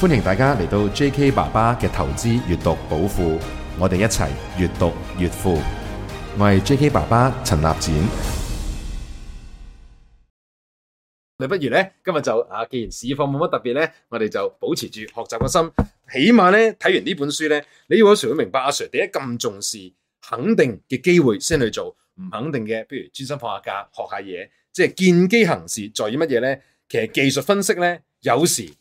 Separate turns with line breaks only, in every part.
歡迎大家嚟到 J.K. 爸爸嘅投資閱讀寶庫，我哋一齊閱讀越富。我係 J.K. 爸爸陳立展。你不如呢？今日就啊，既然市況冇乜特別呢，我哋就保持住學習嘅心，起碼呢，睇完呢本書呢，你要阿 Sir 都明白阿、啊、Sir 點解咁重視肯定嘅機會先去做，唔肯定嘅，不如專心放下假學下嘢，即係見機行事，在於乜嘢呢？其實技術分析呢，有時。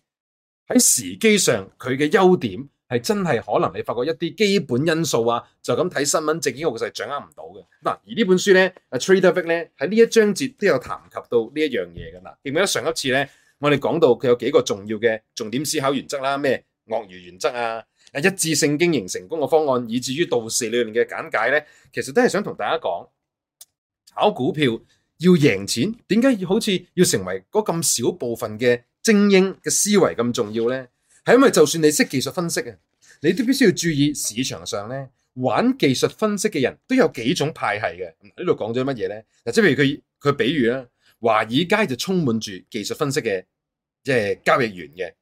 喺時機上，佢嘅優點係真係可能你發覺一啲基本因素啊，就咁睇新聞、證券我就係掌握唔到嘅。嗱，而呢本書咧，阿 Trader Vic 咧喺呢一章節都有談及到呢一樣嘢嘅。嗱，記得上一次咧，我哋講到佢有幾個重要嘅重點思考原則啦，咩鱷魚原則啊，一致性經營成功嘅方案，以至於道氏理論嘅簡介咧，其實都係想同大家講，炒股票要贏錢，點解要好似要成為嗰咁少部分嘅？精英嘅思維咁重要咧，係因為就算你識技術分析啊，你都必須要注意市場上咧玩技術分析嘅人都有幾種派系嘅。講什麼呢度講咗乜嘢咧？嗱，即係譬如佢佢比喻啦，華爾街就充滿住技術分析嘅即係交易員嘅。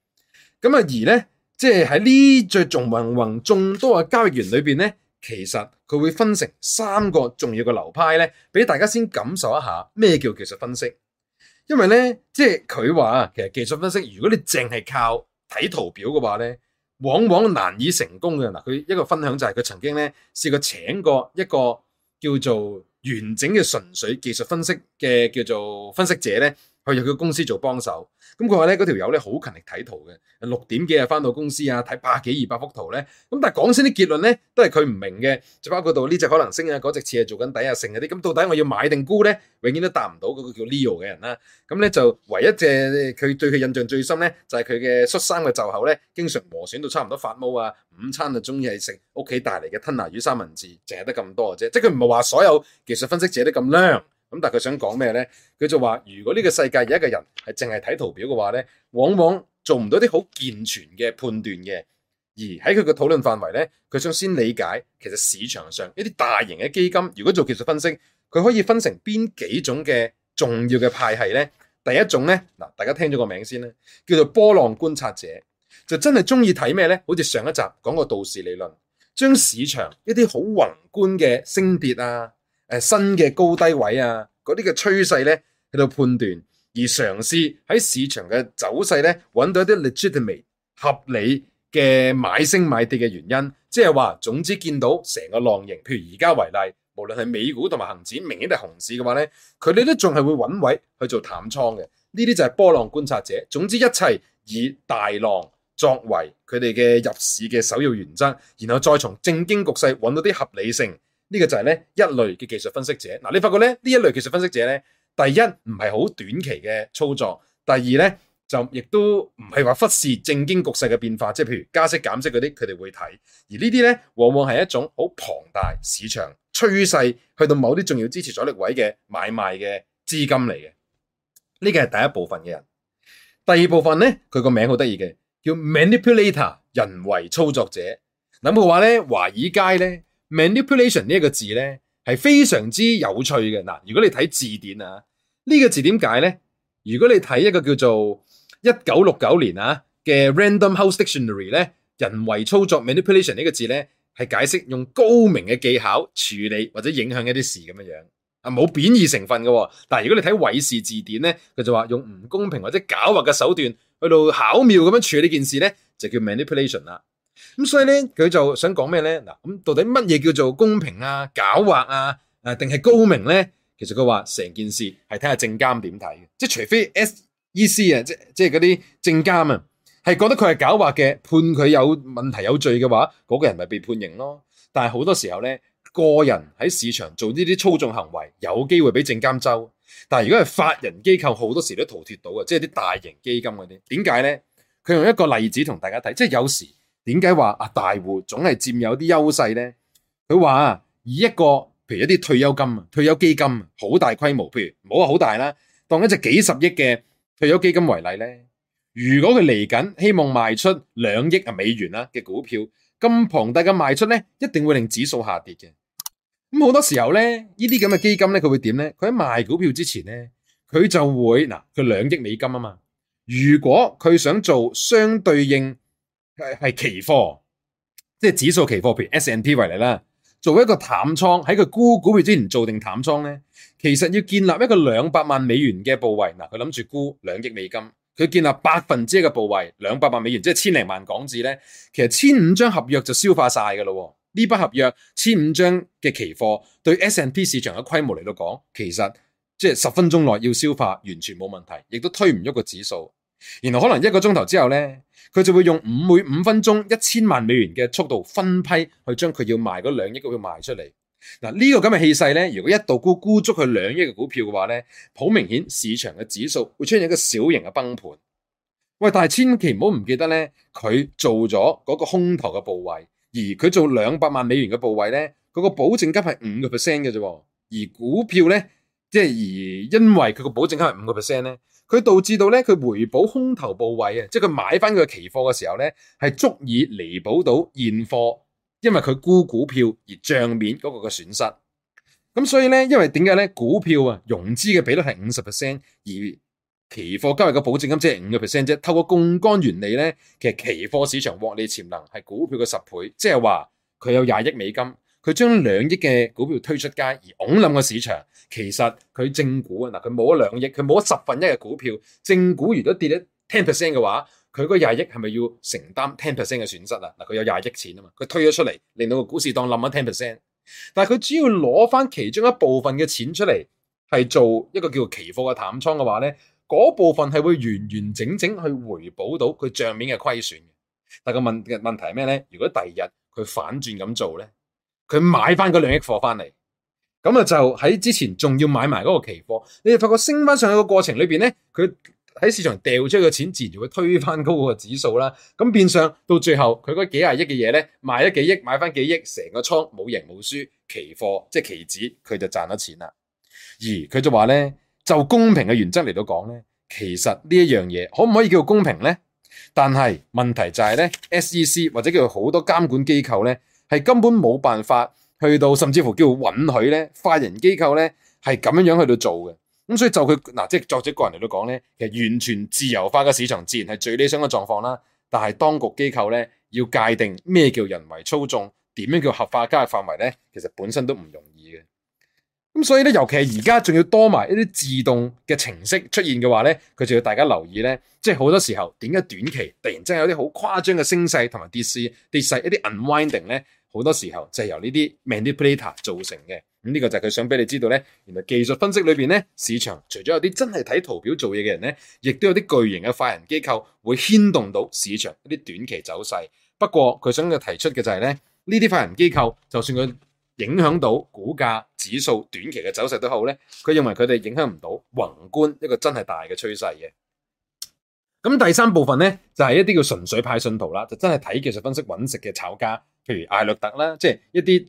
咁啊，而咧即係喺呢最眾芸芸眾多嘅交易員裏邊咧，其實佢會分成三個重要嘅流派咧，俾大家先感受一下咩叫技術分析。因為呢，即係佢話啊，其實技術分析如果你淨係靠睇圖表嘅話呢，往往難以成功嘅。嗱，佢一個分享就係佢曾經呢試過請過一個叫做完整嘅純粹技術分析嘅叫做分析者呢，去入佢公司做幫手，咁佢話咧嗰條友咧好勤力睇圖嘅，六點幾啊翻到公司啊睇百幾二百幅圖咧，咁但係講先啲結論咧都係佢唔明嘅，就包括到呢隻可能升啊，嗰隻似係做緊底啊，剩嗰啲，咁到底我要買定沽咧，永遠都答唔到嗰個叫 Leo 嘅人啦、啊。咁咧就唯一隻佢對佢印象最深咧，就係佢嘅恤衫嘅袖口咧，經常磨損到差唔多發毛啊，午餐就中意係食屋企帶嚟嘅吞拿魚三文治，淨係得咁多嘅啫，即係佢唔係話所有技術分析者得咁靚。咁但係佢想講咩咧？佢就話如果呢個世界有一個人係淨係睇圖表嘅話咧，往往做唔到啲好健全嘅判斷嘅。而喺佢嘅討論範圍咧，佢想先理解其實市場上一啲大型嘅基金，如果做技術分析，佢可以分成邊幾種嘅重要嘅派系咧？第一種咧，嗱，大家聽咗個名先啦，叫做波浪觀察者，就真係中意睇咩咧？好似上一集講過道氏理論，將市場一啲好宏觀嘅升跌啊。誒新嘅高低位啊，嗰啲嘅趨勢咧，喺度判斷而嘗試喺市場嘅走勢咧，揾到一啲 legitimate 合理嘅買升買跌嘅原因，即係話總之見到成個浪形，譬如而家為例，無論係美股同埋恆指，明顯係熊市嘅話咧，佢哋都仲係會揾位去做淡倉嘅。呢啲就係波浪觀察者。總之一切以大浪作為佢哋嘅入市嘅首要原則，然後再從政經局勢揾到啲合理性。呢個就係咧一類嘅技術分析者。嗱，你發覺咧呢一類技術分析者咧，第一唔係好短期嘅操作，第二咧就亦都唔係話忽視政經局勢嘅變化，即係譬如加息減息嗰啲，佢哋會睇，而呢啲咧往往係一種好龐大市場趨勢去到某啲重要支持阻力位嘅買賣嘅資金嚟嘅，呢個係第一部分嘅人。第二部分咧，佢個名好得意嘅，叫 manipulator，人為操作者。咁嘅話咧，華爾街咧。manipulation 呢一個字咧係非常之有趣嘅。嗱，如果你睇字典啊，呢個字點解咧？如果你睇一個叫做一九六九年啊嘅 Random House Dictionary 咧，人為操作 manipulation 呢個字咧係解釋用高明嘅技巧處理或者影響一啲事咁樣樣啊，冇貶義成分嘅。但如果你睇韋氏字典咧，佢就話用唔公平或者狡猾嘅手段去到巧妙咁樣處理件事咧，就叫 manipulation 啦。咁所以咧，佢就想講咩咧？嗱，咁到底乜嘢叫做公平啊、狡猾啊？誒、啊，定係高明咧？其實佢話成件事係睇下證監點睇嘅，即係除非 SEC 啊，即係即係嗰啲證監啊，係覺得佢係狡猾嘅，判佢有問題有罪嘅話，嗰、嗰個人咪被判刑咯。但係好多時候咧，個人喺市場做呢啲操縱行為，有機會俾證監周。但係如果係法人機構，好多時都逃脱到嘅，即係啲大型基金嗰啲。點解咧？佢用一個例子同大家睇，即係有時。點解話啊大戶總係佔有啲優勢咧？佢話以一個譬如，一啲退休金啊、退休基金好大規模，譬如唔好話好大啦，當一隻幾十億嘅退休基金為例咧，如果佢嚟緊希望賣出兩億啊美元啦嘅股票，咁龐大嘅賣出咧，一定會令指數下跌嘅。咁好多時候咧，呢啲咁嘅基金咧，佢會點咧？佢喺賣股票之前咧，佢就會嗱，佢兩億美金啊嘛，如果佢想做相對應。係期貨，即係指數期貨，譬如 S&P 為例啦。做一個淡倉，喺佢沽股票之前做定淡倉咧，其實要建立一個兩百萬美元嘅部位。嗱，佢諗住沽兩億美金，佢建立百分之一嘅部位，兩百萬美元，即係千零萬港紙咧。其實千五張合約就消化晒噶咯。呢筆合約千五張嘅期貨，對 S&P 市場嘅規模嚟到講，其實即係十分鐘內要消化，完全冇問題，亦都推唔喐個指數。然後可能一個鐘頭之後咧，佢就會用五每五分鐘一千萬美元嘅速度分批去將佢要賣嗰兩億股票賣出嚟。嗱、這、呢個咁嘅氣勢咧，如果一度估沽足佢兩億嘅股票嘅話咧，好明顯市場嘅指數會出現一個小型嘅崩盤。喂，但係千祈唔好唔記得咧，佢做咗嗰個空頭嘅部位，而佢做兩百萬美元嘅部位咧，嗰個保證金係五個 percent 嘅啫，而股票咧。即係而因為佢個保證金係五個 percent 咧，佢導致到咧，佢回補空頭部位啊，即係佢買翻佢個期貨嘅時候咧，係足以彌補到現貨，因為佢沽股票而賬面嗰個嘅損失。咁所以咧，因為點解咧？股票啊，融資嘅比率係五十 percent，而期貨交易嘅保證金即係五個 percent 即係。透過槓桿原理咧，其實期貨市場獲利潛能係股票嘅十倍，即係話佢有廿億美金。佢將兩億嘅股票推出街，而拱冧個市場。其實佢正股啊，嗱佢冇咗兩億，佢冇咗十分一嘅股票。正股如果跌咗 ten percent 嘅話，佢嗰廿億係咪要承擔 ten percent 嘅損失啊？嗱，佢有廿億錢啊嘛，佢推咗出嚟，令到個股市當冧咗 ten percent。但係佢只要攞翻其中一部分嘅錢出嚟，係做一個叫做期貨嘅淡倉嘅話咧，嗰部分係會完完整整去回補到佢帳面嘅虧損嘅。但係個問問題係咩咧？如果第二日佢反轉咁做咧？佢買翻嗰兩億貨翻嚟，咁啊就喺之前仲要買埋嗰個期貨，你哋發覺升翻上去個過程裏邊咧，佢喺市場掉出嘅錢，自然就會推翻高個指數啦。咁變相到最後，佢嗰幾廿億嘅嘢咧，賣咗幾億，買翻幾億，成個倉冇贏冇輸，期貨即係期指，佢就賺咗錢啦。而佢就話咧，就公平嘅原則嚟到講咧，其實呢一樣嘢可唔可以叫做公平咧？但係問題就係咧，SEC 或者叫做好多監管機構咧。係根本冇辦法去到，甚至乎叫允許咧，法人機構咧係咁樣樣去到做嘅。咁所以就佢嗱、啊，即係作者個人嚟到講咧，其實完全自由化嘅市場自然係最理想嘅狀況啦。但係當局機構咧要界定咩叫人為操縱，點樣叫合法交易範圍咧，其實本身都唔容易。咁所以咧，尤其係而家仲要多埋一啲自動嘅程式出現嘅話咧，佢就要大家留意咧。即係好多時候，點解短期突然真係有啲好誇張嘅升勢同埋跌勢跌勢，一啲 unwinding 咧，好多時候就係由呢啲 manipulator 造成嘅。咁、嗯、呢、這個就係佢想俾你知道咧，原來技術分析裏面咧，市場除咗有啲真係睇圖表做嘢嘅人咧，亦都有啲巨型嘅法人機構會牽動到市場一啲短期走勢。不過佢想嘅提出嘅就係咧，呢啲法人機構就算佢影響到股價指數短期嘅走勢都好咧，佢認為佢哋影響唔到宏觀一個真係大嘅趨勢嘅。咁第三部分咧就係、是、一啲叫純粹派信徒啦，就真係睇技術分析揾食嘅炒家，譬如艾略特啦，即係一啲。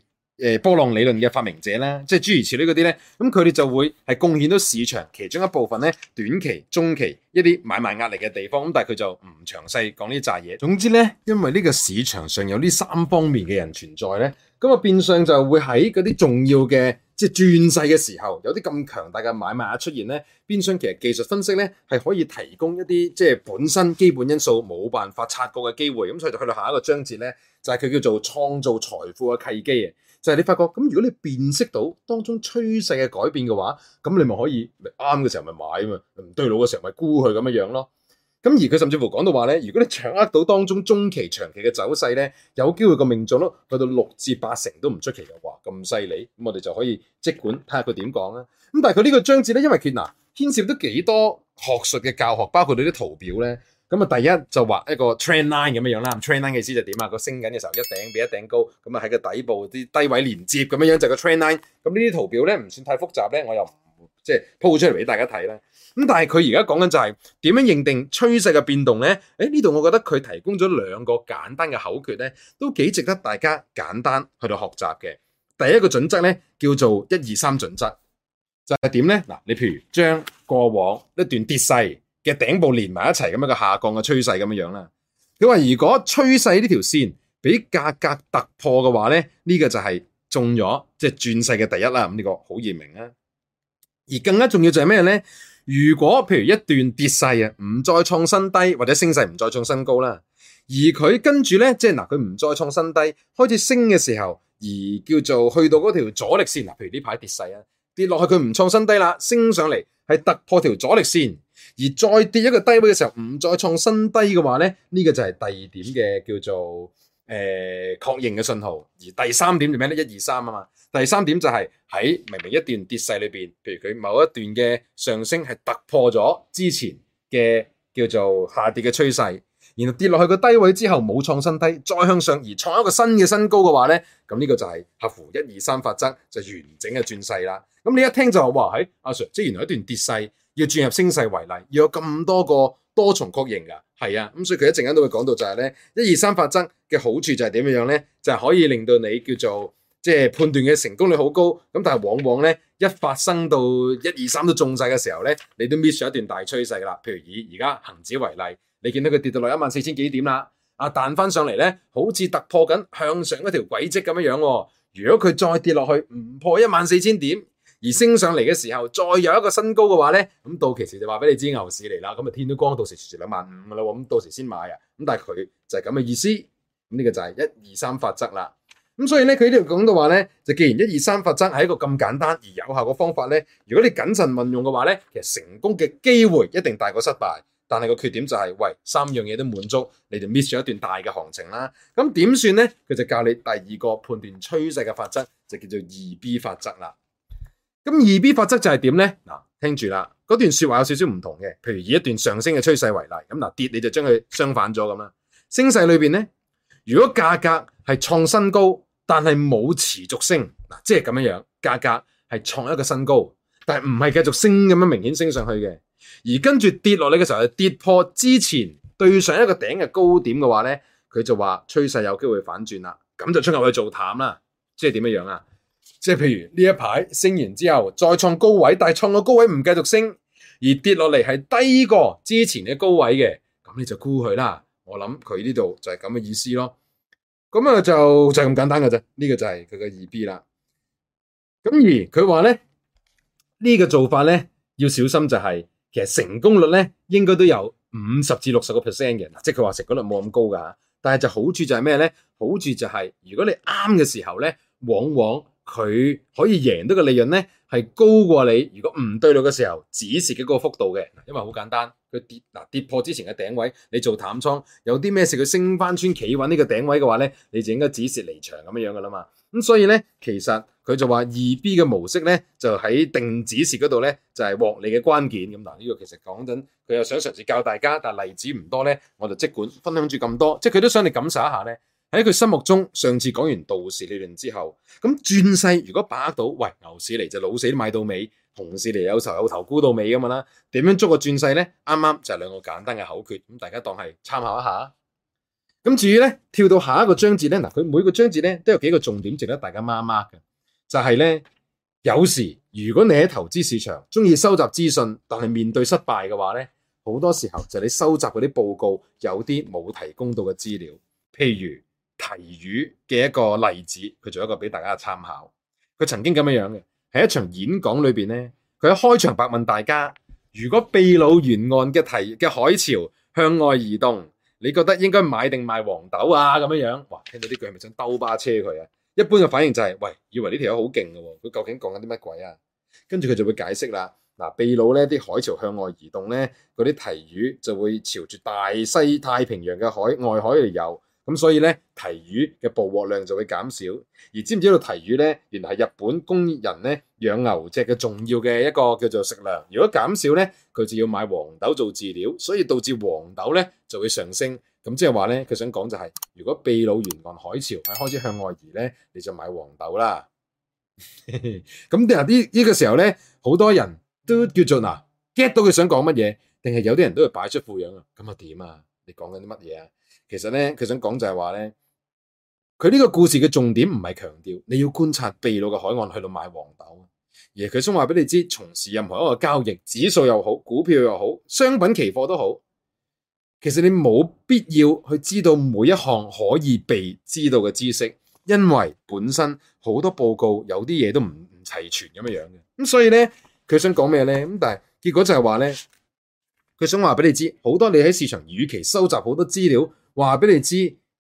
波浪理論嘅發明者啦，即係諸如此類嗰啲咧，咁佢哋就會係貢獻到市場其中一部分咧，短期、中期一啲買賣壓力嘅地方。咁但係佢就唔詳細講呢扎嘢。總之咧，因為呢個市場上有呢三方面嘅人存在咧，咁啊變相就會喺嗰啲重要嘅即係轉勢嘅時候，有啲咁強大嘅買賣啊出現咧。變相其實技術分析咧係可以提供一啲即係本身基本因素冇辦法察覺嘅機會。咁所以就去到下一個章節咧，就係、是、佢叫做創造財富嘅契機啊。就係你發覺咁，如果你辨識到當中趨勢嘅改變嘅話，咁你咪可以啱嘅時候咪買啊嘛，唔對路嘅時候咪沽佢咁樣樣咯。咁而佢甚至乎講到話咧，如果你掌握到當中中期、長期嘅走勢咧，有機會個命中率去到六至八成都唔出奇嘅話，咁犀利，咁我哋就可以即管睇下佢點講啦。咁但係佢呢個章節咧，因為傑娜牽涉到幾多學術嘅教學，包括你啲圖表咧。咁啊，第一就畫一個 trend line 咁樣樣啦。trend line 嘅意思就點啊？佢升緊嘅時候一頂比一頂高，咁啊喺個底部啲低位連接咁樣樣就個 trend line。咁呢啲圖表咧，唔算太複雜咧，我又唔會即係鋪出嚟俾大家睇啦。咁但係佢而家講緊就係點樣認定趨勢嘅變動咧？誒，呢度我覺得佢提供咗兩個簡單嘅口訣咧，都幾值得大家簡單去到學習嘅。第一個準則咧，叫做一二三準則，就係點咧？嗱，你譬如將過往一段跌勢。嘅頂部連埋一齊咁樣嘅下降嘅趨勢咁樣樣啦。佢話：如果趨勢呢條線俾價格突破嘅話咧，呢、呢個就係中咗即係轉勢嘅第一啦。咁、呢、呢個好易明啊。而更加重要就係咩咧？如果譬如一段跌勢啊，唔再創新低或者升勢唔再創新高啦，而佢跟住咧，即係嗱佢唔再創新低開始升嘅時候，而叫做去到嗰條阻力線嗱，譬如呢排跌勢啊，跌落去佢唔創新低啦，升上嚟係突破條阻力線。而再跌一個低位嘅時候，唔再創新低嘅話咧，呢、這個就係第二點嘅叫做誒確、呃、認嘅信號。而第三點就咩咧？一二三啊嘛。第三點就係、是、喺明明一段跌勢裏面，譬如佢某一段嘅上升係突破咗之前嘅叫做下跌嘅趨勢，然後跌落去個低位之後冇創新低，再向上而創一個新嘅新高嘅話咧，咁呢個就係合乎一二三法則就完整嘅轉勢啦。咁你一聽就話，喺阿、啊、Sir，即係原來一段跌勢。要轉入升勢為例，要有咁多個多重確認噶，係啊，咁、嗯、所以佢一陣間都會講到就係咧，一二三法則嘅好處就係點樣樣咧，就係、是、可以令到你叫做即係、就是、判斷嘅成功率好高，咁但係往往咧一發生到一二三都中晒嘅時候咧，你都 miss 咗一段大趨勢啦。譬如以而家恒指為例，你見到佢跌到落一萬四千幾點啦，啊彈翻上嚟咧，好似突破緊向上一條軌跡咁樣樣喎。如果佢再跌落去唔破一萬四千點，而升上嚟嘅時候，再有一個新高嘅話咧，咁到期時就話俾你知牛市嚟啦，咁啊天都光，到時全時兩萬五噶啦，咁到時先買啊，咁但係佢就係咁嘅意思，咁呢個就係一二三法則啦，咁所以咧佢呢度講到話咧，就既然一二三法則係一個咁簡單而有效嘅方法咧，如果你謹慎運用嘅話咧，其實成功嘅機會一定大過失敗，但係個缺點就係、是、喂三樣嘢都滿足，你就 miss 咗一段大嘅行情啦，咁點算咧？佢就教你第二個判斷趨勢嘅法則，就叫做二 B 法則啦。咁二 B 法則就係點呢？嗱，聽住啦，嗰段說話有少少唔同嘅。譬如以一段上升嘅趨勢為例，咁嗱跌你就將佢相反咗咁啦。升勢裏邊呢，如果價格係創新高，但係冇持續升，即係咁樣樣，價格係創一個新高，但係唔係繼續升咁樣明顯升上去嘅，而跟住跌落嚟嘅時候，係跌破之前對上一個頂嘅高點嘅話呢，佢就話趨勢有機會反轉啦，咁就出入去做淡啦，即係點樣樣啊？即係譬如呢一排升完之後再創高位，但係創個高位唔繼續升而跌落嚟係低過之前嘅高位嘅，咁你就沽佢啦。我諗佢呢度就係咁嘅意思咯。咁啊就就咁簡單噶啫。呢個就係佢嘅二 B 啦。咁而佢話咧呢個做法咧，要小心就係其實成功率咧應該都有五十至六十個 percent 嘅，即係佢話成功率冇咁高噶。但係就好處就係咩咧？好處就係如果你啱嘅時候咧，往往佢可以贏到嘅利潤咧，係高過你如果唔對路嘅時候止蝕嘅嗰個幅度嘅，因為好簡單，佢跌嗱跌破之前嘅頂位，你做淡倉有啲咩事佢升翻穿企穩呢個頂位嘅話咧，你就應該止蝕離場咁樣樣噶啦嘛。咁所以咧，其實佢就話二 B 嘅模式咧，就喺定止蝕嗰度咧，就係獲利嘅關鍵。咁、嗯、嗱、呢、這個其實講緊佢又想嘗試教大家，但例子唔多咧，我就即管分享住咁多，即佢都想你感受一下咧。喺佢心目中，上次講完道氏理論之後，咁轉勢如果把握到，喂，牛市嚟就老死都買到尾，熊市嚟有籌有頭沽到尾咁啊啦，點樣捉個轉勢呢？啱啱就係兩個簡單嘅口訣，咁大家當係參考一下。咁至於呢，跳到下一個章節呢，嗱，佢每個章節呢都有幾個重點值得大家媽媽嘅，就係呢：有時如果你喺投資市場中意收集資訊，但係面對失敗嘅話呢，好多時候就你收集嗰啲報告有啲冇提供到嘅資料，譬如。鯷魚嘅一個例子，佢做一個俾大家嘅參考。佢曾經咁樣樣嘅，喺一場演講裏邊咧，佢喺開場白問大家：如果秘魯沿岸嘅鯷嘅海潮向外移動，你覺得應該買定賣黃豆啊？咁樣樣，哇！聽到呢句係咪想兜巴車佢啊？一般嘅反應就係：喂，以為呢條友好勁㗎喎，佢究竟講緊啲乜鬼啊？跟住佢就會解釋啦。嗱、啊，秘魯咧啲海潮向外移動咧，嗰啲鯷魚就會朝住大西太平洋嘅海外海嚟游。」咁所以咧，提魚嘅捕獲量就會減少。而知唔知道提魚咧，原來係日本工人咧養牛隻嘅重要嘅一個叫做食糧。如果減少咧，佢就要買黃豆做飼料，所以導致黃豆咧就會上升。咁即係話咧，佢想講就係、是，如果秘魯沿岸海潮係開始向外移咧，你就買黃豆啦。咁嗱，呢呢個時候咧，好多人都叫做嗱 get 到佢想講乜嘢，定係有啲人都係擺出副樣啊？咁啊點啊？你講緊啲乜嘢啊？其實咧，佢想講就係話咧，佢呢個故事嘅重點唔係強調你要觀察秘魯嘅海岸去到買黃豆，而係佢想話俾你知，從事任何一個交易，指數又好，股票又好，商品期貨都好，其實你冇必要去知道每一項可以被知道嘅知識，因為本身好多報告有啲嘢都唔唔齊全咁樣樣嘅。咁所以咧，佢想講咩咧？咁但係結果就係話咧，佢想話俾你知，好多你喺市場，與其收集好多資料。話俾你知，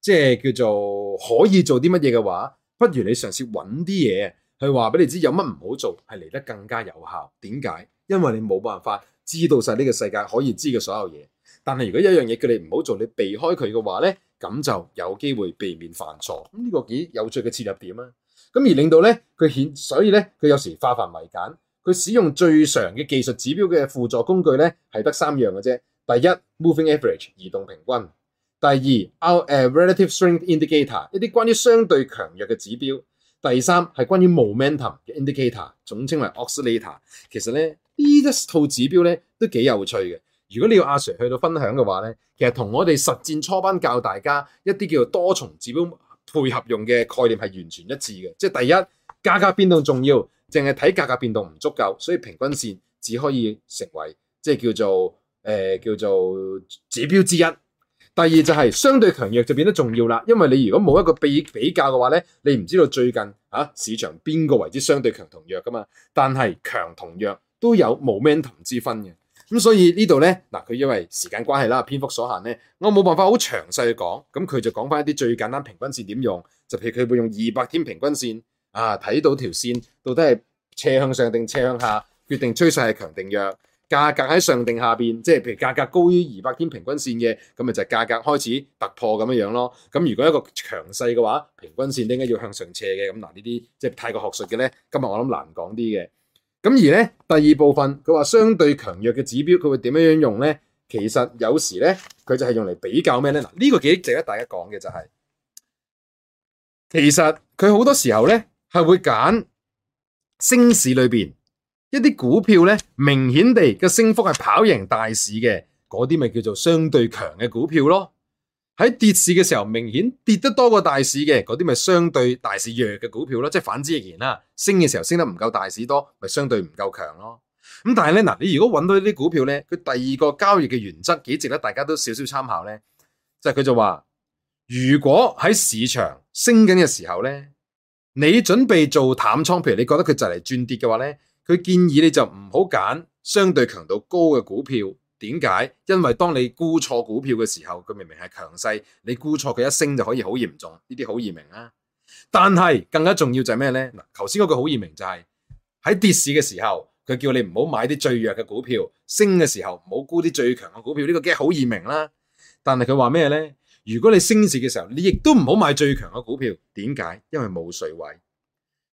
即係叫做可以做啲乜嘢嘅話，不如你嘗試揾啲嘢去話俾你知有乜唔好做，係嚟得更加有效。點解？因為你冇辦法知道晒呢個世界可以知嘅所有嘢。但係如果有一樣嘢叫你唔好做，你避開佢嘅話呢，咁就有機會避免犯錯。咁呢個幾有趣嘅切入點啊！咁而令到呢，佢顯，所以呢，佢有時化繁為簡，佢使用最常嘅技術指標嘅輔助工具呢，係得三樣嘅啫。第一 Moving Average 移動平均。第二，our relative strength indicator 一啲關於相對強弱嘅指標。第三係關於 momentum 嘅 indicator，總稱為 oscillator。其實咧呢一套指標咧都幾有趣嘅。如果你要阿 Sir 去到分享嘅話咧，其實同我哋實戰初班教大家一啲叫做多重指標配合用嘅概念係完全一致嘅。即係第一，價格變動重要，淨係睇價格變動唔足夠，所以平均線只可以成為即係叫做誒、呃、叫做指標之一。第二就係相對強弱就變得重要啦，因為你如果冇一個比比較嘅話咧，你唔知道最近嚇、啊、市場邊個位置相對強同弱噶嘛。但係強同弱都有冇 man 同之分嘅。咁所以這裏呢度咧嗱，佢因為時間關係啦，篇幅所限咧，我冇辦法好詳細去講。咁佢就講翻一啲最簡單的平均線點用，就譬如佢會用二百天平均線啊，睇到條線到底係斜向上定斜向下，決定趨勢係強定弱。價格喺上定下邊，即係譬如價格高於二百天平均線嘅，咁咪就係價格開始突破咁樣樣咯。咁如果一個強勢嘅話，平均線點解要向上斜嘅？咁嗱，呢啲即係太過學術嘅咧。今日我諗難講啲嘅。咁而咧第二部分，佢話相對強弱嘅指標，佢會點樣樣用咧？其實有時咧，佢就係用嚟比較咩咧？嗱，呢個幾值得大家講嘅就係、是，其實佢好多時候咧係會揀升市裏邊。呢啲股票咧，明顯地嘅升幅係跑贏大市嘅，嗰啲咪叫做相對強嘅股票咯。喺跌市嘅時候，明顯跌得多過大市嘅，嗰啲咪相對大市弱嘅股票咯。即係反之亦然啦。升嘅時候升得唔夠大市多，咪相對唔夠強咯。咁但係咧嗱，你如果揾到呢啲股票咧，佢第二個交易嘅原則幾值得大家都少少參考咧。就係、是、佢就話，如果喺市場升緊嘅時候咧，你準備做淡倉，譬如你覺得佢就嚟轉跌嘅話咧。佢建議你就唔好揀相對強度高嘅股票，點解？因為當你估錯股票嘅時候，佢明明係強勢，你估錯佢一升就可以好嚴重，呢啲好易明啦。但係更加重要就係咩呢？嗱，頭先嗰句好易明就係喺跌市嘅時候，佢叫你唔好買啲最弱嘅股票；升嘅時候唔好估啲最強嘅股票，呢個梗係好易明啦。但係佢話咩呢？如果你升市嘅時候，你亦都唔好買最強嘅股票，點解？因為冇水位。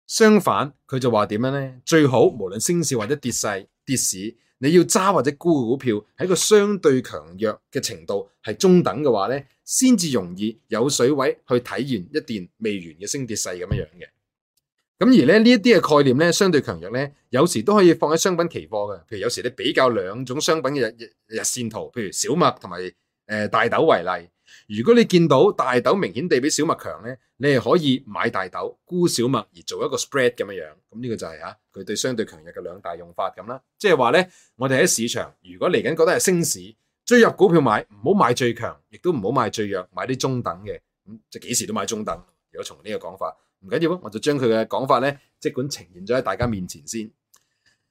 相反，佢就話點樣呢？最好無論升市或者跌勢、跌市，你要揸或者沽股、股票，喺個相對強弱嘅程度係中等嘅話呢，先至容易有水位去體現一段未完嘅升跌勢咁樣樣嘅。咁而呢呢一啲嘅概念呢，相對強弱呢，有時都可以放喺商品期貨嘅。譬如有時你比較兩種商品嘅日日線圖，譬如小麥同埋誒大豆為例。如果你見到大豆明顯地比小麥強呢，你係可以買大豆沽小麥而做一個 spread 咁樣樣，咁呢個就係呀、啊，佢對相對強弱嘅兩大用法咁啦。即係話呢，我哋喺市場如果嚟緊覺得係升市，追入股票買，唔好買最強，亦都唔好買最弱，買啲中等嘅，咁就幾時都買中等。如果從呢個講法唔緊要，我就將佢嘅講法呢，即管呈現咗喺大家面前先。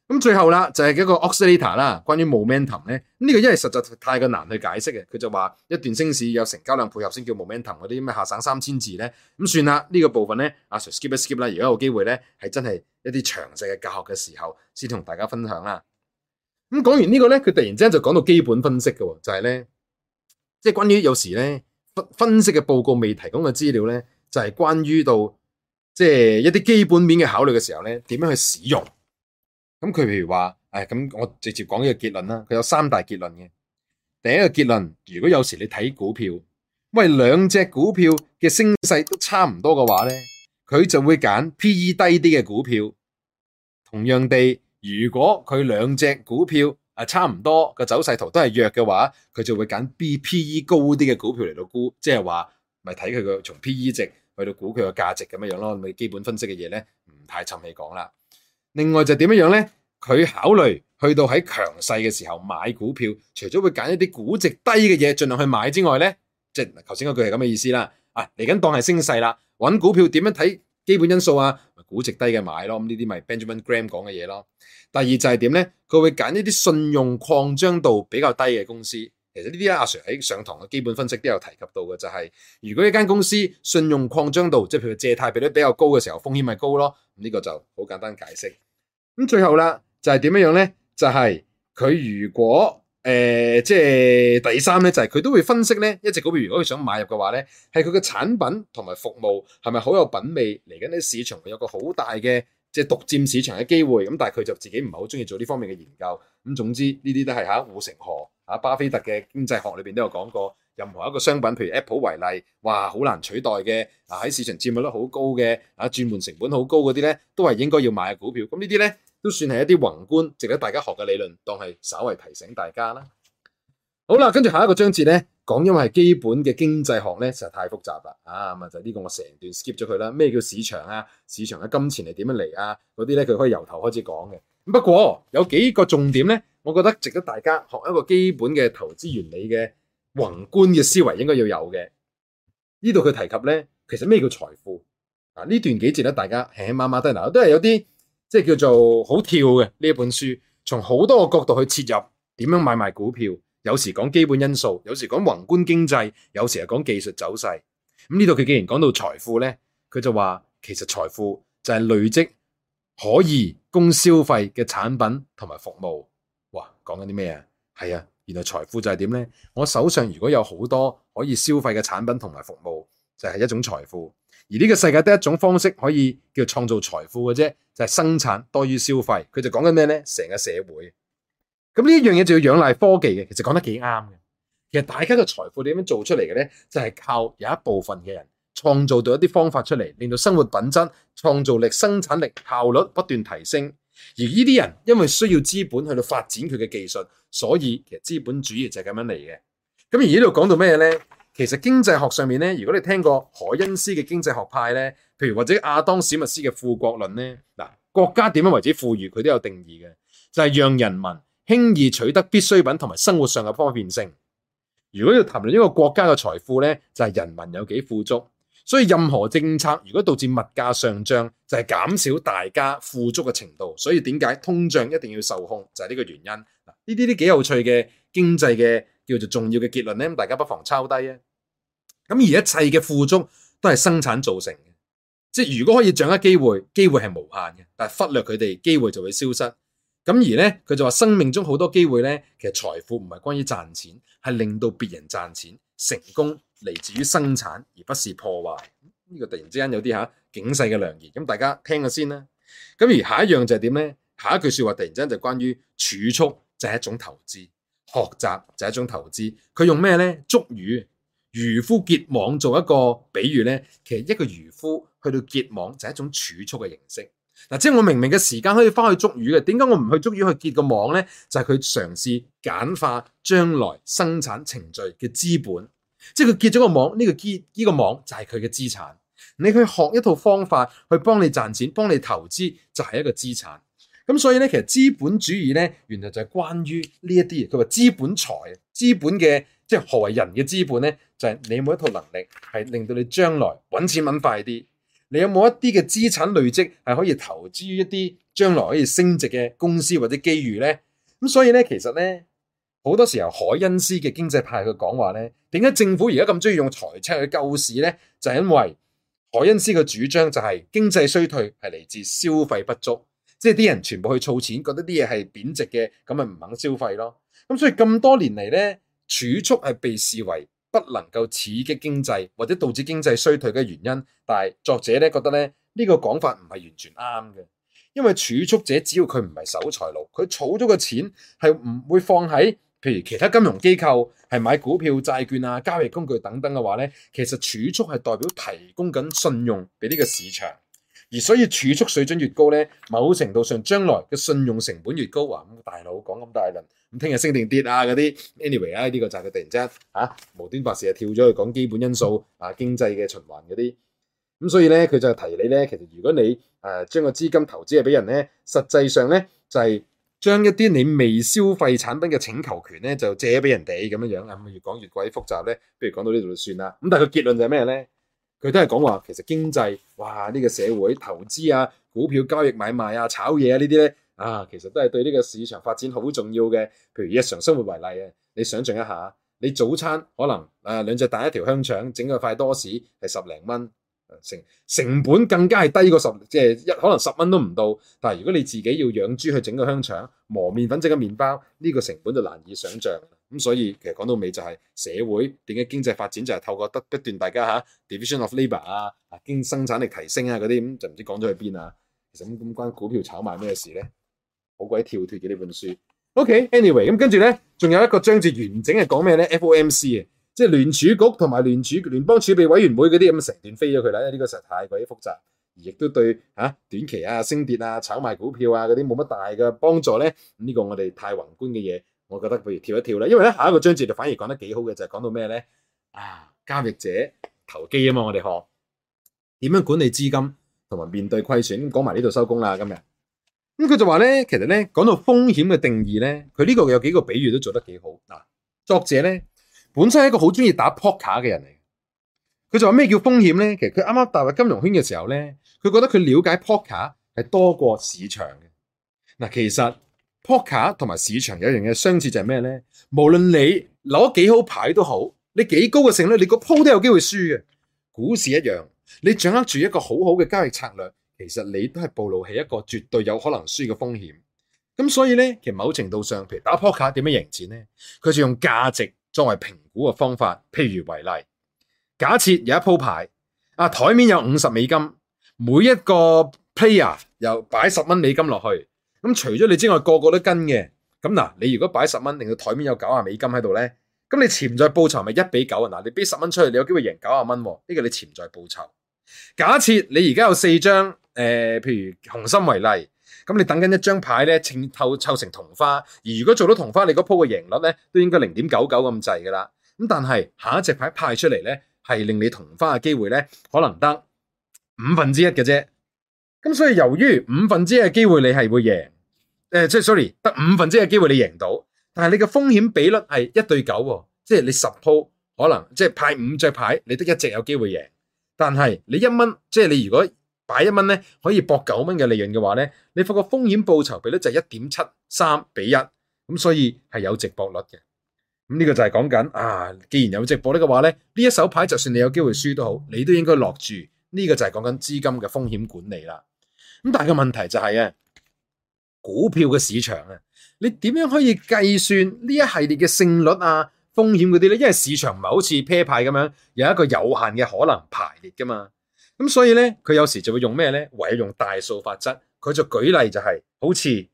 咁最後啦，就係一個 oscillator 啦，關於 momentum 咧，呢個因為實在太過難去解釋嘅，佢就話一段升市有成交量配合先叫 momentum 嗰啲咩下省三千字咧，咁算啦，呢、這個部分咧，啊、Sir、skip 一 skip 啦，而家有機會咧係真係一啲詳細嘅教學嘅時候先同大家分享啦。咁講完呢、這個咧，佢突然之間就講到基本分析嘅，就係咧，即係關於有時咧分分析嘅報告未提供嘅資料咧，就係、是、關於到即係一啲基本面嘅考慮嘅時候咧，點樣去使用。咁佢譬如話，誒、哎，咁我直接講呢個結論啦。佢有三大結論嘅。第一個結論，如果有時你睇股票，喂，兩隻股票嘅升勢都差唔多嘅話咧，佢就會揀 P E 低啲嘅股票。同樣地，如果佢兩隻股票差唔多個走勢圖都係弱嘅話，佢就會揀 B P E 高啲嘅股票嚟到估，即係話咪睇佢個從 P E 值去到估佢個價值咁樣樣咯。咪基本分析嘅嘢咧，唔太沉氣講啦。另外就點樣樣咧？佢考慮去到喺強勢嘅時候買股票，除咗會揀一啲估值低嘅嘢盡量去買之外咧，即係頭先嗰句係咁嘅意思啦。啊，嚟緊當係升勢啦，揾股票點樣睇基本因素啊？估值低嘅買咯，咁呢啲咪 Benjamin Graham 講嘅嘢咯。第二就係點咧？佢會揀一啲信用擴張度比較低嘅公司。其實呢啲阿 Sir 喺上堂嘅基本分析都有提及到嘅，就係、是、如果一間公司信用擴張度即係、就是、譬如借貸比率比較高嘅時候，風險咪高咯。呢、這個就好簡單解釋。咁最後啦，就係點樣樣咧？就係佢如果誒，即係第三咧，就係、是、佢都會分析咧，一隻股票如果佢想買入嘅話咧，係佢嘅產品同埋服務係咪好有品味嚟緊？呢市場有個好大嘅即係獨佔市場嘅機會。咁但係佢就自己唔係好中意做呢方面嘅研究。咁總之呢啲都係喺護城河啊，巴菲特嘅經濟學裏邊都有講過。任何一個商品，譬如 Apple 為例，哇，好難取代嘅啊，喺市場佔有率好高嘅啊，轉換成本好高嗰啲咧，都係應該要買嘅股票。咁呢啲咧。都算係一啲宏觀，值得大家學嘅理論，當係稍微提醒大家啦。好啦，跟住下一個章節咧，講因為係基本嘅經濟學咧，實在太複雜啦，啊咁啊就呢個我成段 skip 咗佢啦。咩叫市場啊？市場嘅金錢係點樣嚟啊？嗰啲咧佢可以由頭開始講嘅。不過有幾個重點咧，我覺得值得大家學一個基本嘅投資原理嘅宏觀嘅思維，應該要有嘅。呢度佢提及咧，其實咩叫財富啊？呢段幾節咧，大家輕輕馬馬都係嗱，都係有啲。即係叫做好跳嘅呢一本書，從好多個角度去切入，點樣買賣股票。有時講基本因素，有時講宏觀經濟，有時係講技術走勢。咁呢度佢既然講到財富咧，佢就話其實財富就係累積可以供消費嘅產品同埋服務。哇，講緊啲咩啊？係啊，原來財富就係點咧？我手上如果有好多可以消費嘅產品同埋服務，就係一種財富。而呢個世界得一種方式可以叫創造財富嘅啫，就係生產多於消費。佢就講緊咩咧？成個社會咁呢樣嘢就要仰賴科技嘅。其實講得幾啱嘅。其實大家嘅財富點樣做出嚟嘅咧？就係靠有一部分嘅人創造到一啲方法出嚟，令到生活品質、創造力、生產力、效率不斷提升。而呢啲人因為需要資本去到發展佢嘅技術，所以其實資本主義就係咁樣嚟嘅。咁而呢度講到咩咧？其實經濟學上面咧，如果你聽過海恩斯嘅經濟學派咧，譬如或者亞當史密斯嘅富國論咧，嗱，國家點樣為之富裕，佢都有定義嘅，就係讓人民輕易取得必需品同埋生活上嘅方便性。如果要談論呢個國家嘅財富咧，就係人民有幾富足。所以任何政策如果導致物價上漲，就係減少大家富足嘅程度。所以點解通脹一定要受控，就係呢個原因。嗱，呢啲啲幾有趣嘅經濟嘅叫做重要嘅結論咧，大家不妨抄低啊！咁而一切嘅富足都係生產造成嘅，即如果可以掌握機會，機會係無限嘅。但忽略佢哋，機會就會消失。咁而咧，佢就話生命中好多機會咧，其實財富唔係關於賺錢，係令到別人賺錢。成功嚟自於生產，而不是破壞。呢個突然之間有啲下警世嘅良言。咁大家聽下先啦。咁而下一樣就係點咧？下一句說話突然之間就關於儲蓄就係一種投資，學習就係一種投資。佢用咩咧？捉魚漁夫結網做一個比喻咧，其實一個漁夫去到結網就係一種儲蓄嘅形式。嗱，即係我明明嘅時間可以翻去捉魚嘅，點解我唔去捉魚去結個網咧？就係佢嘗試簡化將來生產程序嘅資本。即係佢結咗個網，呢個資呢個網就係佢嘅資產。你去學一套方法去幫你賺錢、幫你投資，就係一個資產。咁所以咧，其實資本主義咧，原來就係關於呢一啲嘢。佢話資本財、資本嘅即係何為人嘅資本咧？就係、是、你有冇一套能力係令到你將來揾錢揾快啲，你有冇一啲嘅資產累積係可以投資於一啲將來可以升值嘅公司或者機遇呢？咁所以呢，其實呢，好多時候，凱恩斯嘅經濟派去講話呢，點解政府而家咁中意用財赤去救市呢？就係、是、因為凱恩斯嘅主張就係經濟衰退係嚟自消費不足，即係啲人全部去儲錢，覺得啲嘢係貶值嘅，咁咪唔肯消費咯。咁所以咁多年嚟呢，儲蓄係被視為不能夠刺激經濟或者導致經濟衰退嘅原因，但係作者咧覺得咧呢個講法唔係完全啱嘅，因為儲蓄者只要佢唔係守財奴，佢儲咗個錢係唔會放喺譬如其他金融機構係買股票、債券啊、交易工具等等嘅話咧，其實儲蓄係代表提供緊信用俾呢個市場。而所以儲蓄水準越高咧，某程度上將來嘅信用成本越高大大啊，anyway, 啊！咁大佬講咁大輪，咁聽日升定跌啊嗰啲，anyway 啊呢個就係佢突然之間吓，無端白事就跳咗去講基本因素啊經濟嘅循環嗰啲，咁所以咧佢就提你咧，其實如果你誒、呃、將個資金投資係俾人咧，實際上咧就係、是、將一啲你未消費產品嘅請求權咧就借俾人哋咁樣樣啊，咁越講越鬼複雜咧，不如講到呢度就算啦。咁但係個結論就係咩咧？佢都係講話，其實經濟哇呢個社會投資啊、股票交易買賣啊、炒嘢啊呢啲咧啊，其實都係對呢個市場發展好重要嘅。譬如日常生活為例啊，你想象一下，你早餐可能啊、呃、兩隻蛋一條香腸整個塊多士係十零蚊，成成本更加係低過十，即係一可能十蚊都唔到。但係如果你自己要養豬去整個香腸，磨麵粉整個麵包，呢個成本就難以想象。咁、嗯、所以其實講到尾就係社會點解經濟發展就係透過得不斷大家吓、啊、division of labour 啊啊經生產力提升啊嗰啲，咁就唔知講咗去邊啊，其實咁關於股票炒賣咩事咧，好鬼跳脱嘅呢本書。OK，anyway，、okay, 咁、嗯、跟住咧仲有一個章節完整係講咩咧 FOMC 嘅、啊，即係聯儲局同埋聯儲聯邦儲備委員會嗰啲，咁成段飛咗佢啦，呢個實在太鬼複雜，而亦都對嚇、啊、短期啊升跌啊炒賣股票啊嗰啲冇乜大嘅幫助咧。呢、嗯，這個我哋太宏觀嘅嘢。我覺得不如跳一跳啦，因為咧，下一個章節就反而講得幾好嘅，就係、是、講到咩咧啊，交易者投機啊嘛，我哋學點樣管理資金同埋面對虧損，講埋呢度收工啦，今日。咁佢就話咧，其實咧講到風險嘅定義咧，佢呢個有幾個比喻都做得幾好嗱、啊。作者咧本身係一個好中意打 poker 嘅人嚟，佢就話咩叫風險咧？其實佢啱啱踏入金融圈嘅時候咧，佢覺得佢了解 poker 係多過市場嘅嗱、啊。其實。Poker 同埋市場有一樣嘢相似就係咩咧？無論你攞幾好牌都好，你幾高嘅勝率，你個鋪都有機會輸嘅。股市一樣，你掌握住一個好好嘅交易策略，其實你都係暴露起一個絕對有可能輸嘅風險。咁所以咧，其實某程度上，譬如打 Poker 點樣贏錢咧？佢就用價值作為評估嘅方法。譬如為例，假設有一鋪牌，啊台面有五十美金，每一個 player 又擺十蚊美金落去。咁除咗你之外，個個都跟嘅。咁嗱，你如果擺十蚊，令到台面有九啊美金喺度咧，咁你潛在報酬咪一比九啊？嗱，你俾十蚊出去，你有機會贏九啊蚊，呢、這個你潛在報酬。假設你而家有四張誒、呃，譬如紅心為例，咁你等緊一張牌咧，透湊，湊成同花。而如果做到同花，你嗰鋪嘅贏率咧，都應該零點九九咁滯噶啦。咁但係下一隻牌派出嚟咧，係令你同花嘅機會咧，可能得五分之一嘅啫。咁所以由於五分之一嘅機會，你係會贏。誒、呃，即係 sorry，得五分之一嘅機會你贏到，但係你嘅風險比率係一對九喎，即係你十鋪可能即係派五隻牌，你都一直有機會贏，但係你一蚊，即係你如果擺一蚊咧，可以博九蚊嘅利潤嘅話咧，你發覺風險報酬比率就係一點七三比一，咁所以係有直播率嘅，咁、這、呢個就係講緊啊，既然有值博率嘅話咧，呢一手牌就算你有機會輸都好，你都應該落住，呢、這個就係講緊資金嘅風險管理啦。咁但係個問題就係、是、啊。股票嘅市場啊，你點樣可以計算呢一系列嘅勝率啊、風險嗰啲咧？因為市場唔係好似啤牌咁樣有一個有限嘅可能排列噶嘛，咁所以咧佢有時就會用咩咧？唯有用大數法則，佢就舉例就係、是、好似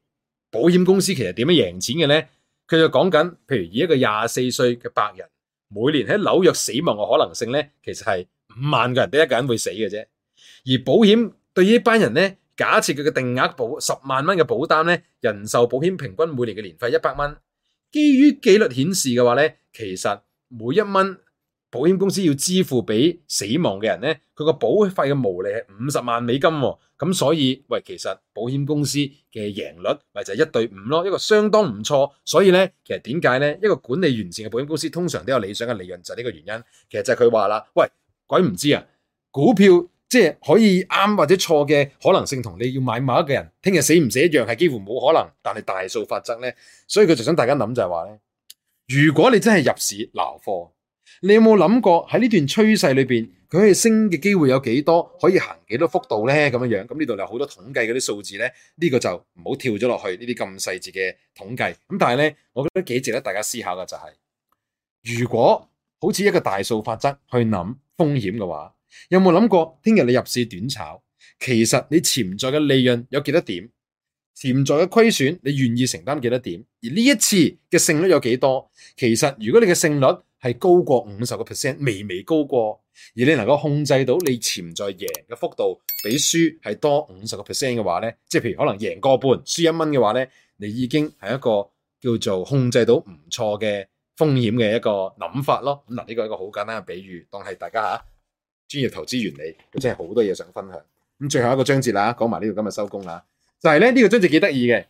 保險公司其實點樣贏錢嘅咧？佢就講緊，譬如以一個廿四歲嘅白人，每年喺紐約死亡嘅可能性咧，其實係五萬個人得一個人會死嘅啫，而保險對於呢班人咧。假設佢嘅定額保十萬蚊嘅保單咧，人壽保險平均每年嘅年費一百蚊。基於紀律顯示嘅話咧，其實每一蚊保險公司要支付俾死亡嘅人咧，佢個保費嘅毛利係五十萬美金。咁所以喂，其實保險公司嘅贏率或者係一對五咯，一個相當唔錯。所以咧，其實點解咧，一個管理完善嘅保險公司通常都有理想嘅利潤，就係呢個原因。其實就係佢話啦，喂，鬼唔知啊，股票。即係可以啱或者錯嘅可能性，同你要買某一個人聽日死唔死一樣，係幾乎冇可能。但係大數法則呢，所以佢就想大家諗就係話呢，如果你真係入市撈貨，你有冇諗過喺呢段趨勢裏邊，佢可以升嘅機會有幾多，可以行幾多幅度呢？咁樣樣咁呢度有好多統計嗰啲數字呢，呢、呢個，就唔好跳咗落去呢啲咁細節嘅統計。咁但係呢，我覺得幾值得大家思考嘅就係、是，如果好似一個大數法則去諗風險嘅話。有冇諗過聽日你入市短炒？其實你潛在嘅利潤有幾多點？潛在嘅虧損你願意承擔幾多點？而呢一次嘅勝率有幾多？其實如果你嘅勝率係高過五十個 percent，微微高過，而你能夠控制到你潛在贏嘅幅度比輸係多五十個 percent 嘅話咧，即係譬如可能贏過半，輸一蚊嘅話咧，你已經係一個叫做控制到唔錯嘅風險嘅一個諗法咯。咁嗱，呢個係一個好簡單嘅比喻，當係大家吓。專業投機原理，咁真係好多嘢想分享。咁最後一個章節啦，講埋呢個今日收工啦。就係咧呢個章節幾得意嘅，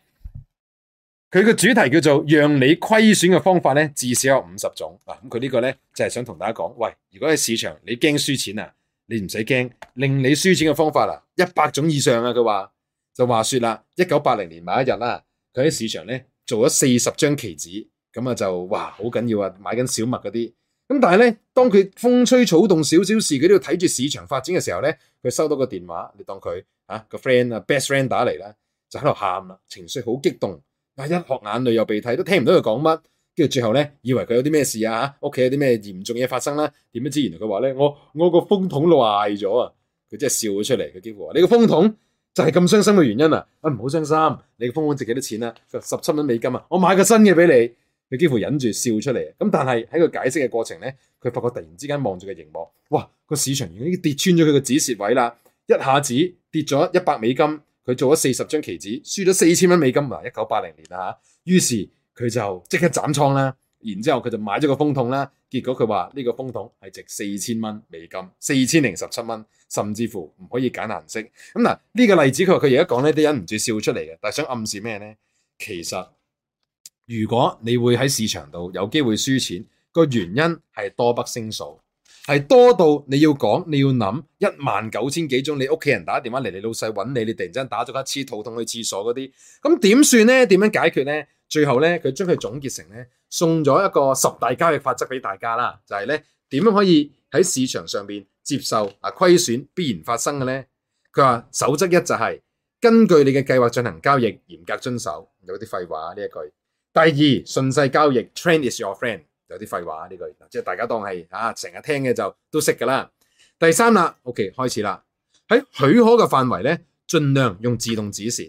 佢個主題叫做讓你虧損嘅方法咧至少有五十種。咁佢呢個咧就係想同大家講，喂，如果喺市場你驚輸錢啊，你唔使驚，令你輸錢嘅方法啊一百種以上啊。佢話就話說啦，一九八零年某一日啦，佢喺市場咧做咗四十張棋子，咁啊就哇好緊要啊，買緊小麥嗰啲。咁但係咧，當佢風吹草動少少事，佢都要睇住市場發展嘅時候咧，佢收到個電話，你當佢啊個 friend 啊 best friend 打嚟啦，就喺度喊啦，情緒好激動，啊一學眼淚又鼻涕，都聽唔到佢講乜，跟住最後咧，以為佢有啲咩事啊，屋企有啲咩嚴重嘢發生啦，啊，點不知，原來佢話咧，我我個風筒壞咗啊，佢真係笑咗出嚟，佢幾乎話你個風筒就係咁傷心嘅原因啊，啊唔好傷心，你個風筒值幾多錢啊？十七蚊美金啊，我買個新嘅俾你。佢幾乎忍住笑出嚟，咁但係喺佢解釋嘅過程呢，佢發覺突然之間望住個熒幕，哇，個市場已經跌穿咗佢個止蝕位啦，一下子跌咗一百美金，佢做咗四十張棋子，輸咗四千蚊美金啊，一九八零年啊吓，於是佢就即刻斬倉啦，然之後佢就買咗個風筒啦，結果佢話呢個風筒係值四千蚊美金，四千零十七蚊，甚至乎唔可以揀顏色，咁嗱呢個例子佢話佢而家講呢，都忍唔住笑出嚟嘅，但係想暗示咩呢？其實。如果你會喺市場度有機會輸錢，個原因係多不勝數，係多到你要講，你要諗一萬九千幾宗，你屋企人打電話嚟，你老細揾你，你突然間打咗一次肚痛去廁所嗰啲，咁點算呢？點樣解決呢？最後呢，佢將佢總結成呢：「送咗一個十大交易法則俾大家啦，就係呢，點樣可以喺市場上邊接受啊虧損必然發生嘅呢？佢話守則一就係根據你嘅計劃進行交易，嚴格遵守，有啲廢話呢一句。第二，順勢交易，Trend is your friend，有啲廢話呢、啊、句、這個，即係大家當係吓成日聽嘅就都識噶啦。第三啦，OK 開始啦，喺許可嘅範圍咧，盡量用自動指示，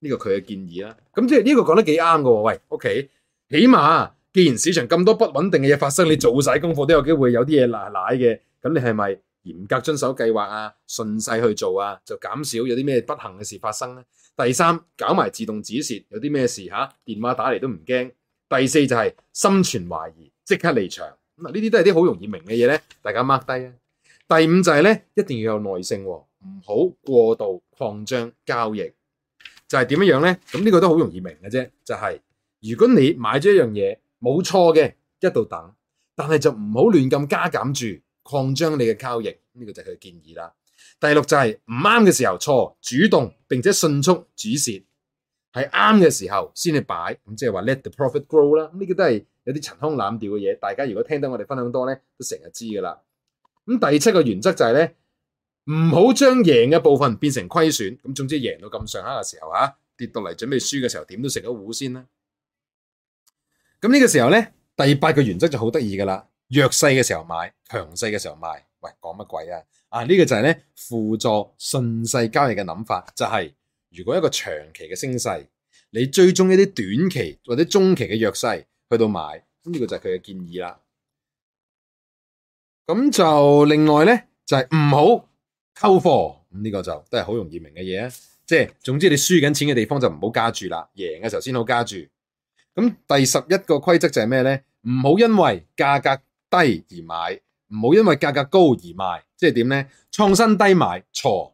呢、這個佢嘅建議啦。咁即係呢個講得幾啱噶。喂，OK，起碼，既然市場咁多不穩定嘅嘢發生，你做晒功課都有機會有啲嘢賴賴嘅，咁你係咪嚴格遵守計劃啊？順勢去做啊，就減少有啲咩不幸嘅事發生咧？第三，搞埋自動止蝕，有啲咩事吓，電話打嚟都唔驚。第四就係心存懷疑，即刻離場。咁呢啲都係啲好容易明嘅嘢咧，大家 mark 低啊。第五就係、是、咧，一定要有耐性，唔好過度擴張交易。就係、是、點樣咧？咁呢個都好容易明嘅啫。就係、是、如果你買咗一樣嘢，冇錯嘅，一度等，但係就唔好亂咁加減住擴張你嘅交易。呢、這個就係佢嘅建議啦。第六就係唔啱嘅時候錯主動並且迅速止蝕，係啱嘅時候先去擺，咁即係話 let the profit grow 啦。呢個都係有啲陳腔濫調嘅嘢，大家如果聽到我哋分享多咧，都成日知噶啦。咁第七個原則就係咧，唔好將贏嘅部分變成虧損。咁總之贏到咁上下嘅時候吓，跌到嚟，準備輸嘅時候，點都食咗糊先啦。咁呢個時候咧，第八個原則就好得意噶啦，弱勢嘅時候買，強勢嘅時候賣。講乜鬼啊！啊呢個就係咧輔助順勢交易嘅諗法，就係如果一個長期嘅升勢，你追蹤一啲短期或者中期嘅弱勢去到買，咁呢個就係佢嘅建議啦。咁就另外咧就係唔好溝貨，咁呢個就都係好容易明嘅嘢啊！即係總之你輸緊錢嘅地方就唔好加注啦，贏嘅時候先好加注。咁第十一個規則就係咩咧？唔好因為價格低而買。唔好因為價格高而賣，即係點咧？創新低賣錯，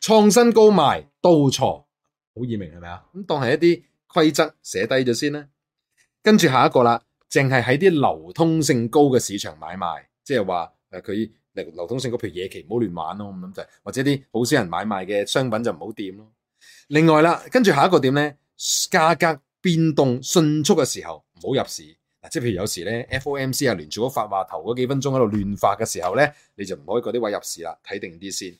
創新高賣都錯，好易明係咪啊？咁當係一啲規則寫低咗先啦。跟住下一個啦，淨係喺啲流通性高嘅市場買賣，即係話誒佢流通性高，譬如野期唔好亂玩咯咁就，或者啲好少人買賣嘅商品就唔好掂咯。另外啦，跟住下一個點咧，價格變動迅速嘅時候唔好入市。嗱，即係譬如有時咧，FOMC 啊，連住嗰發話頭嗰幾分鐘喺度亂發嘅時候咧，你就唔可以嗰啲位入市啦，睇定啲先。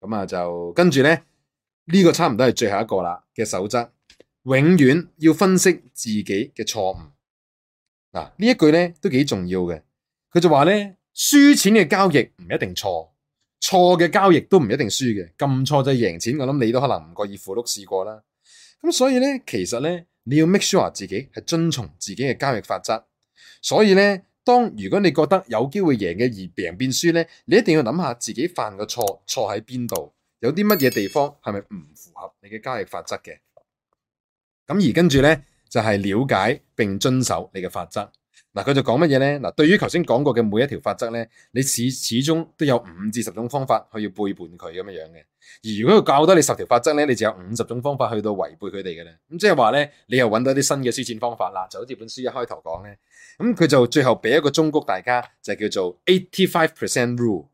咁啊，就跟住咧呢、呢個差唔多係最後一個啦嘅守則，永遠要分析自己嘅錯誤。嗱、啊，呢一句咧都幾重要嘅。佢就話咧，輸錢嘅交易唔一定錯，錯嘅交易都唔一定輸嘅。撳錯就係贏錢，我諗你都可能唔覺意符碌試過啦。咁所以咧，其實咧。你要 make sure 自己係遵從自己嘅交易法則，所以呢，當如果你覺得有機會贏嘅而贏變輸呢，你一定要諗下自己犯嘅錯錯喺邊度，有啲乜嘢地方係咪唔符合你嘅交易法則嘅？咁而跟住呢，就係了解並遵守你嘅法則。嗱，佢就講乜嘢咧？嗱，對於頭先講過嘅每一條法則咧，你始始終都有五至十種方法去要背叛佢咁樣樣嘅。而如果佢教多你十條法則咧，你就有五十種方法去到違背佢哋嘅啦。咁即係話咧，你又搵到啲新嘅輸錢方法啦。就好似本書一開頭講咧，咁佢就最後俾一個忠告大家，就叫做 eighty five percent rule。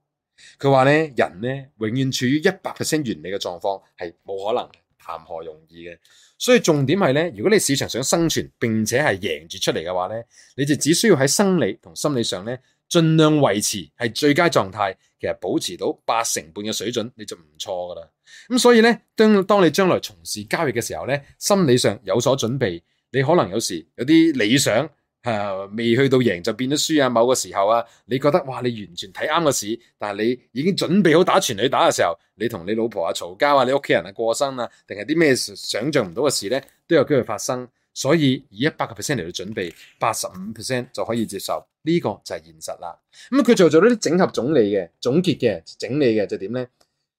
佢話咧，人咧永遠處於一百 percent 完美嘅狀況係冇可能。談何容易嘅，所以重點係咧，如果你市場想生存並且係贏住出嚟嘅話咧，你就只需要喺生理同心理上咧，盡量維持係最佳狀態，其實保持到八成半嘅水準，你就唔錯㗎喇。咁所以咧，當當你將來從事交易嘅時候咧，心理上有所準備，你可能有時有啲理想。誒、啊，未去到贏就變咗輸啊！某個時候啊，你覺得哇，你完全睇啱個市，但係你已經準備好打全力打嘅時候，你同你老婆啊嘈交啊，你屋企人啊過生啊，定係啲咩想象唔到嘅事咧，都有機會發生。所以以一百個 percent 嚟去準備，八十五 percent 就可以接受，呢、這個就係現實啦。咁、嗯、佢做做咗啲整合總、總理嘅總結嘅整理嘅，就點咧？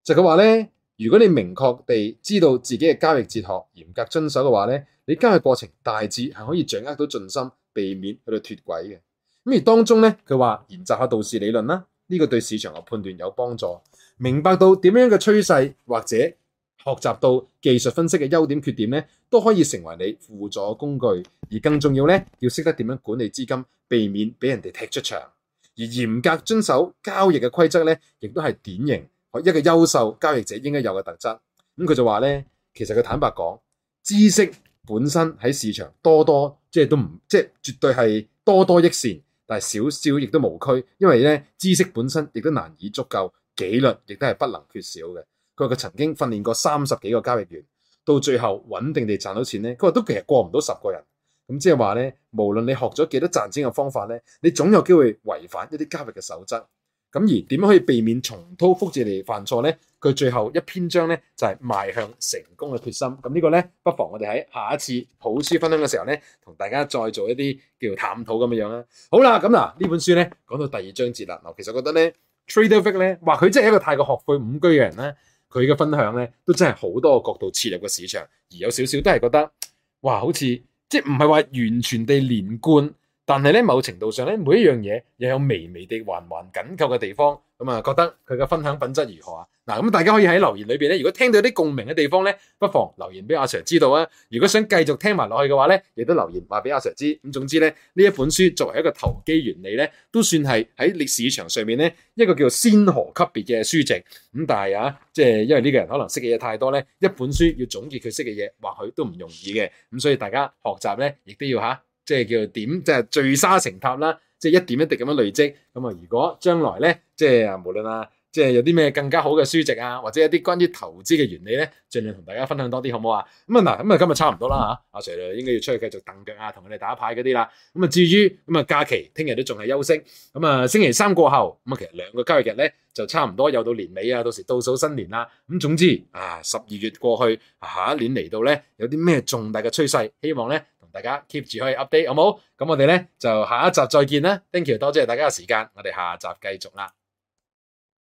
就佢話咧，如果你明確地知道自己嘅交易哲學，嚴格遵守嘅話咧，你交易過程大致係可以掌握到盡心。避免去到脫軌嘅。咁而當中咧，佢話研習下道氏理論啦，呢個對市場嘅判斷有幫助。明白到點樣嘅趨勢，或者學習到技術分析嘅優點缺點咧，都可以成為你輔助工具。而更重要咧，要識得點樣管理資金，避免俾人哋踢出場。而嚴格遵守交易嘅規則咧，亦都係典型一個優秀交易者應該有嘅特質。咁佢就話咧，其實佢坦白講，知識本身喺市場多多。即係都唔，即係絕對係多多益善，但係少少亦都無拘，因為咧知識本身亦都難以足夠，紀律亦都係不能缺少嘅。佢話佢曾經訓練過三十幾個交易員，到最後穩定地賺到錢咧，佢話都其實過唔到十個人。咁即係話咧，無論你學咗幾多賺錢嘅方法咧，你總有機會違反一啲交易嘅守則。咁而點樣可以避免重蹈覆轍嚟犯錯咧？佢最後一篇章咧就係、是、邁向成功嘅決心。咁呢個咧，不妨我哋喺下一次好書分享嘅時候咧，同大家再做一啲叫探討咁樣樣啦。好啦，咁嗱呢本書咧講到第二章節啦。我其實我覺得咧，Trader Vic 咧，話佢真係一個太過學富五車嘅人咧，佢嘅分享咧都真係好多角度切入個市場，而有少少都係覺得，哇，好似即係唔係話完全地連貫。但係咧，某程度上咧，每一樣嘢又有微微地環環緊扣嘅地方，咁啊，覺得佢嘅分享品質如何啊？嗱，咁大家可以喺留言裏邊咧，如果聽到啲共鳴嘅地方咧，不妨留言俾阿 Sir 知道啊。如果想繼續聽埋落去嘅話咧，亦都留言話俾阿 Sir 知。咁總之咧，呢一本書作為一個投機原理咧，都算係喺歷史場上面咧一個叫做先河級別嘅書籍。咁但係啊，即係因為呢個人可能識嘅嘢太多咧，一本書要總結佢識嘅嘢，或許都唔容易嘅。咁所以大家學習咧，亦都要吓。即係叫做點，即係聚沙成塔啦，即係一點一滴咁樣累積。咁如果將來呢，即係啊，無論啊。即係有啲咩更加好嘅書籍啊，或者一啲關於投資嘅原理咧，盡量同大家分享多啲，好唔好啊？咁啊嗱，咁啊今日差唔多啦嚇，阿 Sir 應該要出去繼續等腳啊，同佢哋打牌嗰啲啦。咁啊至於咁啊假期，聽日都仲係休息。咁啊星期三過後，咁啊其實兩個交易日咧就差唔多又到年尾啊，到時倒數新年啦。咁總之啊，十二月過去，下一年嚟到咧有啲咩重大嘅趨勢，希望咧同大家 keep 住去 update，好唔好？咁我哋咧就下一集再見啦。Thank you，多謝大家嘅時間，我哋下一集繼續啦。